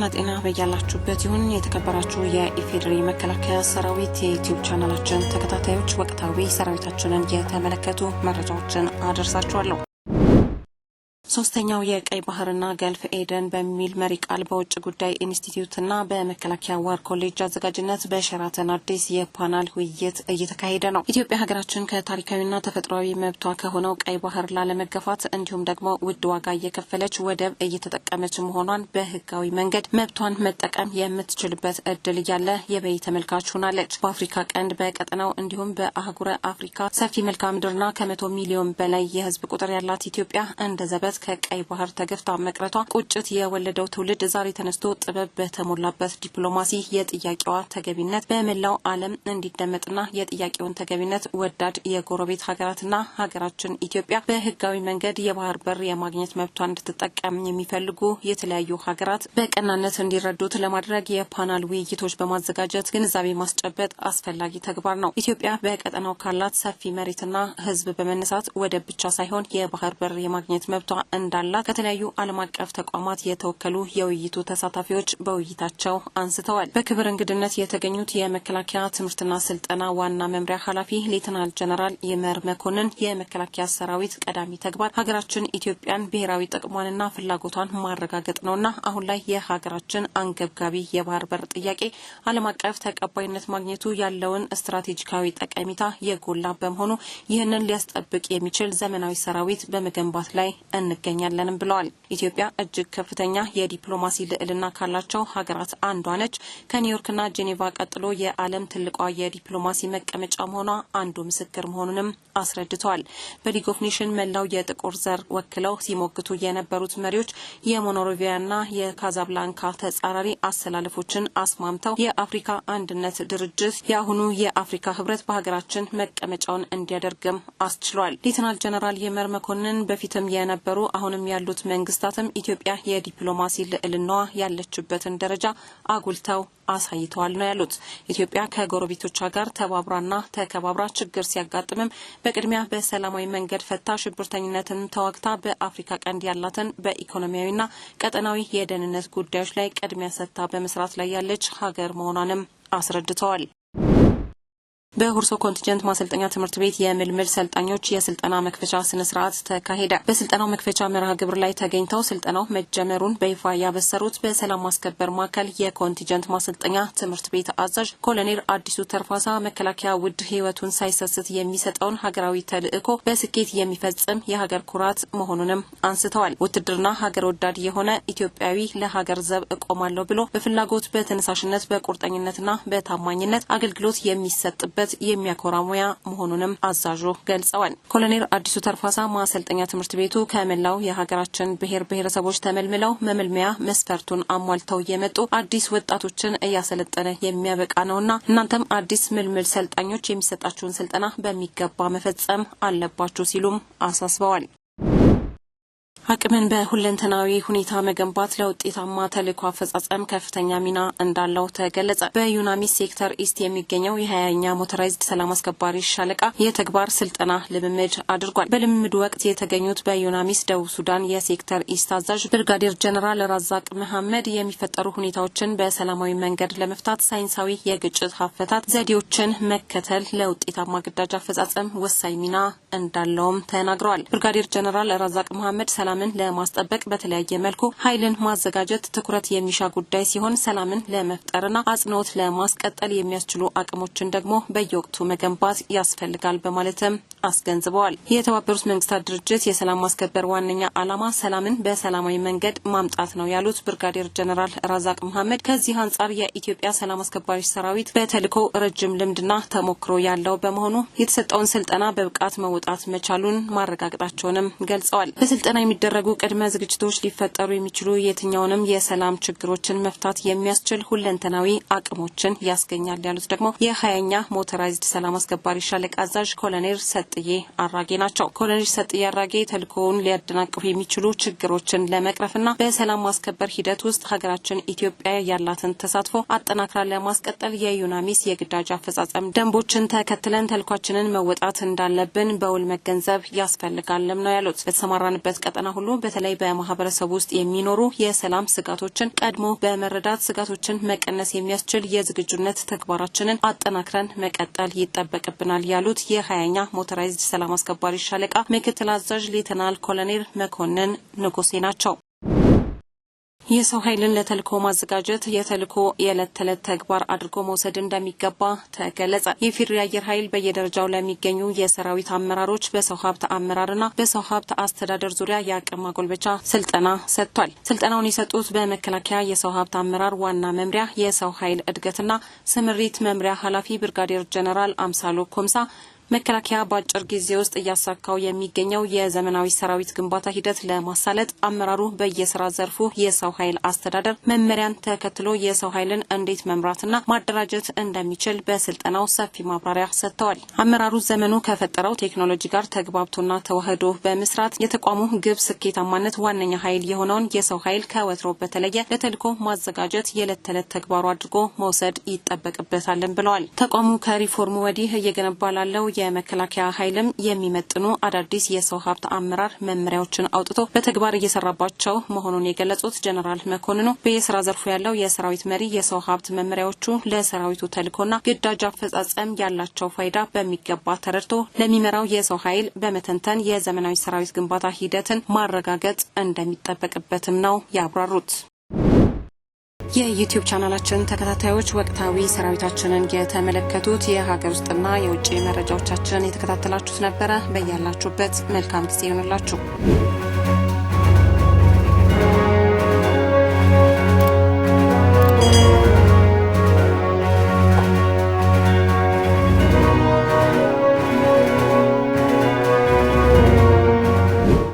ሰላምና ጤና በያላችሁበት ይሁን። የተከበራችሁ የኢፌዴሪ መከላከያ ሰራዊት የዩትዩብ ቻናላችን ተከታታዮች ወቅታዊ ሰራዊታችንን የተመለከቱ መረጃዎችን አደርሳችኋለሁ። ሶስተኛው የቀይ ባህርና ገልፍ ኤደን በሚል መሪ ቃል በውጭ ጉዳይ ኢንስቲትዩትና በመከላከያ ዋር ኮሌጅ አዘጋጅነት በሸራተን አዲስ የፓናል ውይይት እየተካሄደ ነው። ኢትዮጵያ ሀገራችን ከታሪካዊና ተፈጥሯዊ መብቷ ከሆነው ቀይ ባህር ላለመገፋት እንዲሁም ደግሞ ውድ ዋጋ እየከፈለች ወደብ እየተጠቀመች መሆኗን በህጋዊ መንገድ መብቷን መጠቀም የምትችልበት እድል እያለ የበይ ተመልካች ሆናለች። በአፍሪካ ቀንድ፣ በቀጠናው እንዲሁም በአህጉረ አፍሪካ ሰፊ መልክዓ ምድርና ከመቶ ሚሊዮን በላይ የህዝብ ቁጥር ያላት ኢትዮጵያ እንደ ዘበት ቀይ ባህር ተገፍታ መቅረቷ ቁጭት የወለደው ትውልድ ዛሬ ተነስቶ ጥበብ በተሞላበት ዲፕሎማሲ የጥያቄዋ ተገቢነት በመላው ዓለም እንዲደመጥና የጥያቄውን ተገቢነት ወዳድ የጎረቤት ሀገራትና ሀገራችን ኢትዮጵያ በህጋዊ መንገድ የባህር በር የማግኘት መብቷን እንድትጠቀም የሚፈልጉ የተለያዩ ሀገራት በቀናነት እንዲረዱት ለማድረግ የፓናል ውይይቶች በማዘጋጀት ግንዛቤ ማስጨበጥ አስፈላጊ ተግባር ነው። ኢትዮጵያ በቀጠናው ካላት ሰፊ መሬትና ህዝብ በመነሳት ወደብ ብቻ ሳይሆን የባህር በር የማግኘት መብቷ እንዳላት ከተለያዩ ዓለም አቀፍ ተቋማት የተወከሉ የውይይቱ ተሳታፊዎች በውይይታቸው አንስተዋል። በክብር እንግድነት የተገኙት የመከላከያ ትምህርትና ስልጠና ዋና መምሪያ ኃላፊ ሌተናል ጀነራል ይመር መኮንን የመከላከያ ሰራዊት ቀዳሚ ተግባር ሀገራችን ኢትዮጵያን ብሔራዊ ጥቅሟንና ፍላጎቷን ማረጋገጥ ነውና አሁን ላይ የሀገራችን አንገብጋቢ የባህር በር ጥያቄ ዓለም አቀፍ ተቀባይነት ማግኘቱ ያለውን ስትራቴጂካዊ ጠቀሜታ የጎላ በመሆኑ ይህንን ሊያስጠብቅ የሚችል ዘመናዊ ሰራዊት በመገንባት ላይ እንገ እንገኛለንም ብለዋል። ኢትዮጵያ እጅግ ከፍተኛ የዲፕሎማሲ ልዕልና ካላቸው ሀገራት አንዷ ነች። ከኒውዮርክና ጄኔቫ ቀጥሎ የዓለም ትልቋ የዲፕሎማሲ መቀመጫ መሆኗ አንዱ ምስክር መሆኑንም አስረድተዋል። በሊግ ኦፍ ኔሽን መላው የጥቁር ዘር ወክለው ሲሞግቱ የነበሩት መሪዎች የሞኖሮቪያና የካዛብላንካ ተጻራሪ አሰላለፎችን አስማምተው የአፍሪካ አንድነት ድርጅት የአሁኑ የአፍሪካ ህብረት በሀገራችን መቀመጫውን እንዲያደርግም አስችሏል። ሌተናል ጀነራል የመር መኮንን በፊትም የነበሩ አሁንም ያሉት መንግስታትም ኢትዮጵያ የዲፕሎማሲ ልዕልናዋ ያለችበትን ደረጃ አጉልተው አሳይተዋል ነው ያሉት። ኢትዮጵያ ከጎረቤቶቿ ጋር ተባብራና ተከባብራ ችግር ሲያጋጥምም በቅድሚያ በሰላማዊ መንገድ ፈታ ሽብርተኝነትን ተዋግታ በአፍሪካ ቀንድ ያላትን በኢኮኖሚያዊና ቀጠናዊ የደህንነት ጉዳዮች ላይ ቅድሚያ ሰጥታ በመስራት ላይ ያለች ሀገር መሆኗንም አስረድተዋል። በሁርሶ ኮንቲጀንት ማሰልጠኛ ትምህርት ቤት የምልምል ሰልጣኞች የስልጠና መክፈቻ ስነ ስርዓት ተካሄደ። በስልጠናው መክፈቻ መርሃ ግብር ላይ ተገኝተው ስልጠናው መጀመሩን በይፋ ያበሰሩት በሰላም ማስከበር ማዕከል የኮንቲጀንት ማሰልጠኛ ትምህርት ቤት አዛዥ ኮሎኔል አዲሱ ተርፋሳ መከላከያ ውድ ህይወቱን ሳይሰስት የሚሰጠውን ሀገራዊ ተልዕኮ በስኬት የሚፈጽም የሀገር ኩራት መሆኑንም አንስተዋል። ውትድርና ሀገር ወዳድ የሆነ ኢትዮጵያዊ ለሀገር ዘብ እቆማለሁ ብሎ በፍላጎት በተነሳሽነት በቁርጠኝነትና በታማኝነት አገልግሎት የሚሰጥበት የሚደርስበት የሚያኮራ ሙያ መሆኑንም አዛዡ ገልጸዋል። ኮሎኔል አዲሱ ተርፋሳ ማሰልጠኛ ትምህርት ቤቱ ከመላው የሀገራችን ብሔር ብሔረሰቦች ተመልምለው መመልመያ መስፈርቱን አሟልተው የመጡ አዲስ ወጣቶችን እያሰለጠነ የሚያበቃ ነውና እናንተም አዲስ ምልምል ሰልጣኞች የሚሰጣችሁን ስልጠና በሚገባ መፈጸም አለባችሁ ሲሉም አሳስበዋል። አቅምን በሁለንተናዊ ሁኔታ መገንባት ለውጤታማ ተልዕኮ አፈጻጸም ከፍተኛ ሚና እንዳለው ተገለጸ። በዩናሚስ ሴክተር ኢስት የሚገኘው የሀያኛ ሞተራይዝድ ሰላም አስከባሪ ሻለቃ የተግባር ስልጠና ልምምድ አድርጓል። በልምምዱ ወቅት የተገኙት በዩናሚስ ደቡብ ሱዳን የሴክተር ኢስት አዛዥ ብርጋዴር ጀነራል ራዛቅ መሐመድ የሚፈጠሩ ሁኔታዎችን በሰላማዊ መንገድ ለመፍታት ሳይንሳዊ የግጭት አፈታት ዘዴዎችን መከተል ለውጤታማ ግዳጅ አፈጻጸም ወሳኝ ሚና እንዳለውም ተናግረዋል። ብርጋዴር ጀነራል ራዛቅ መሐመድ ሰላም ሰላምን ለማስጠበቅ በተለያየ መልኩ ኃይልን ማዘጋጀት ትኩረት የሚሻ ጉዳይ ሲሆን ሰላምን ለመፍጠርና አጽንኦት ለማስቀጠል የሚያስችሉ አቅሞችን ደግሞ በየወቅቱ መገንባት ያስፈልጋል በማለትም አስገንዝበዋል። የተባበሩት መንግስታት ድርጅት የሰላም ማስከበር ዋነኛ ዓላማ ሰላምን በሰላማዊ መንገድ ማምጣት ነው ያሉት ብርጋዴር ጀነራል ራዛቅ መሐመድ ከዚህ አንጻር የኢትዮጵያ ሰላም አስከባሪ ሰራዊት በተልእኮ ረጅም ልምድና ተሞክሮ ያለው በመሆኑ የተሰጠውን ስልጠና በብቃት መውጣት መቻሉን ማረጋገጣቸውንም ገልጸዋል። በስልጠና የሚደ የሚደረጉ ቅድመ ዝግጅቶች ሊፈጠሩ የሚችሉ የትኛውንም የሰላም ችግሮችን መፍታት የሚያስችል ሁለንተናዊ አቅሞችን ያስገኛል ያሉት ደግሞ የሀያኛ ሞተራይዝድ ሰላም አስከባሪ ሻለቃ አዛዥ ኮሎኔል ሰጥዬ አራጌ ናቸው። ኮሎኔል ሰጥዬ አራጌ ተልእኮውን ሊያደናቅፉ የሚችሉ ችግሮችን ለመቅረፍና በሰላም ማስከበር ሂደት ውስጥ ሀገራችን ኢትዮጵያ ያላትን ተሳትፎ አጠናክራ ለማስቀጠል የዩናሚስ የግዳጅ አፈጻጸም ደንቦችን ተከትለን ተልኳችንን መወጣት እንዳለብን በውል መገንዘብ ያስፈልጋልም ነው ያሉት። በተሰማራንበት ቀጠና ሁሉ በተለይ በማህበረሰብ ውስጥ የሚኖሩ የሰላም ስጋቶችን ቀድሞ በመረዳት ስጋቶችን መቀነስ የሚያስችል የዝግጁነት ተግባራችንን አጠናክረን መቀጠል ይጠበቅብናል ያሉት የሀያኛ ሞተራይዝድ ሰላም አስከባሪ ሻለቃ ምክትል አዛዥ ሌተናል ኮሎኔል መኮንን ንጉሴ ናቸው። የሰው ኃይልን ለተልኮ ማዘጋጀት የተልኮ የዕለት ተዕለት ተግባር አድርጎ መውሰድ እንደሚገባ ተገለጸ። የኢፌዴሪ አየር ኃይል በየደረጃው ለሚገኙ የሰራዊት አመራሮች በሰው ሀብት አመራርና በሰው ሀብት አስተዳደር ዙሪያ የአቅም ማጎልበቻ ስልጠና ሰጥቷል። ስልጠናውን የሰጡት በመከላከያ የሰው ሀብት አመራር ዋና መምሪያ የሰው ኃይል እድገትና ስምሪት መምሪያ ኃላፊ ብርጋዴር ጀነራል አምሳሎ ኮምሳ መከላከያ በአጭር ጊዜ ውስጥ እያሳካው የሚገኘው የዘመናዊ ሰራዊት ግንባታ ሂደት ለማሳለጥ አመራሩ በየስራ ዘርፉ የሰው ኃይል አስተዳደር መመሪያን ተከትሎ የሰው ኃይልን እንዴት መምራትና ማደራጀት እንደሚችል በስልጠናው ሰፊ ማብራሪያ ሰጥተዋል። አመራሩ ዘመኑ ከፈጠረው ቴክኖሎጂ ጋር ተግባብቶና ተዋህዶ በመስራት የተቋሙ ግብ ስኬታማነት ዋነኛ ኃይል የሆነውን የሰው ኃይል ከወትሮ በተለየ ለተልኮ ማዘጋጀት የዕለት ተዕለት ተግባሩ አድርጎ መውሰድ ይጠበቅበታልን ብለዋል። ተቋሙ ከሪፎርሙ ወዲህ እየገነባ ላለው የመከላከያ ኃይልም የሚመጥኑ አዳዲስ የሰው ሀብት አመራር መመሪያዎችን አውጥቶ በተግባር እየሰራባቸው መሆኑን የገለጹት ጀነራል መኮንኑ በየስራ ዘርፉ ያለው የሰራዊት መሪ የሰው ሀብት መመሪያዎቹ ለሰራዊቱ ተልእኮና ግዳጅ አፈጻጸም ያላቸው ፋይዳ በሚገባ ተረድቶ ለሚመራው የሰው ኃይል በመተንተን የዘመናዊ ሰራዊት ግንባታ ሂደትን ማረጋገጥ እንደሚጠበቅበትም ነው ያብራሩት። የዩቲዩብ ቻናላችን ተከታታዮች ወቅታዊ ሰራዊታችንን የተመለከቱት የሀገር ውስጥና የውጭ መረጃዎቻችንን የተከታተላችሁት ነበረ። በያላችሁበት መልካም ጊዜ ይሆንላችሁ።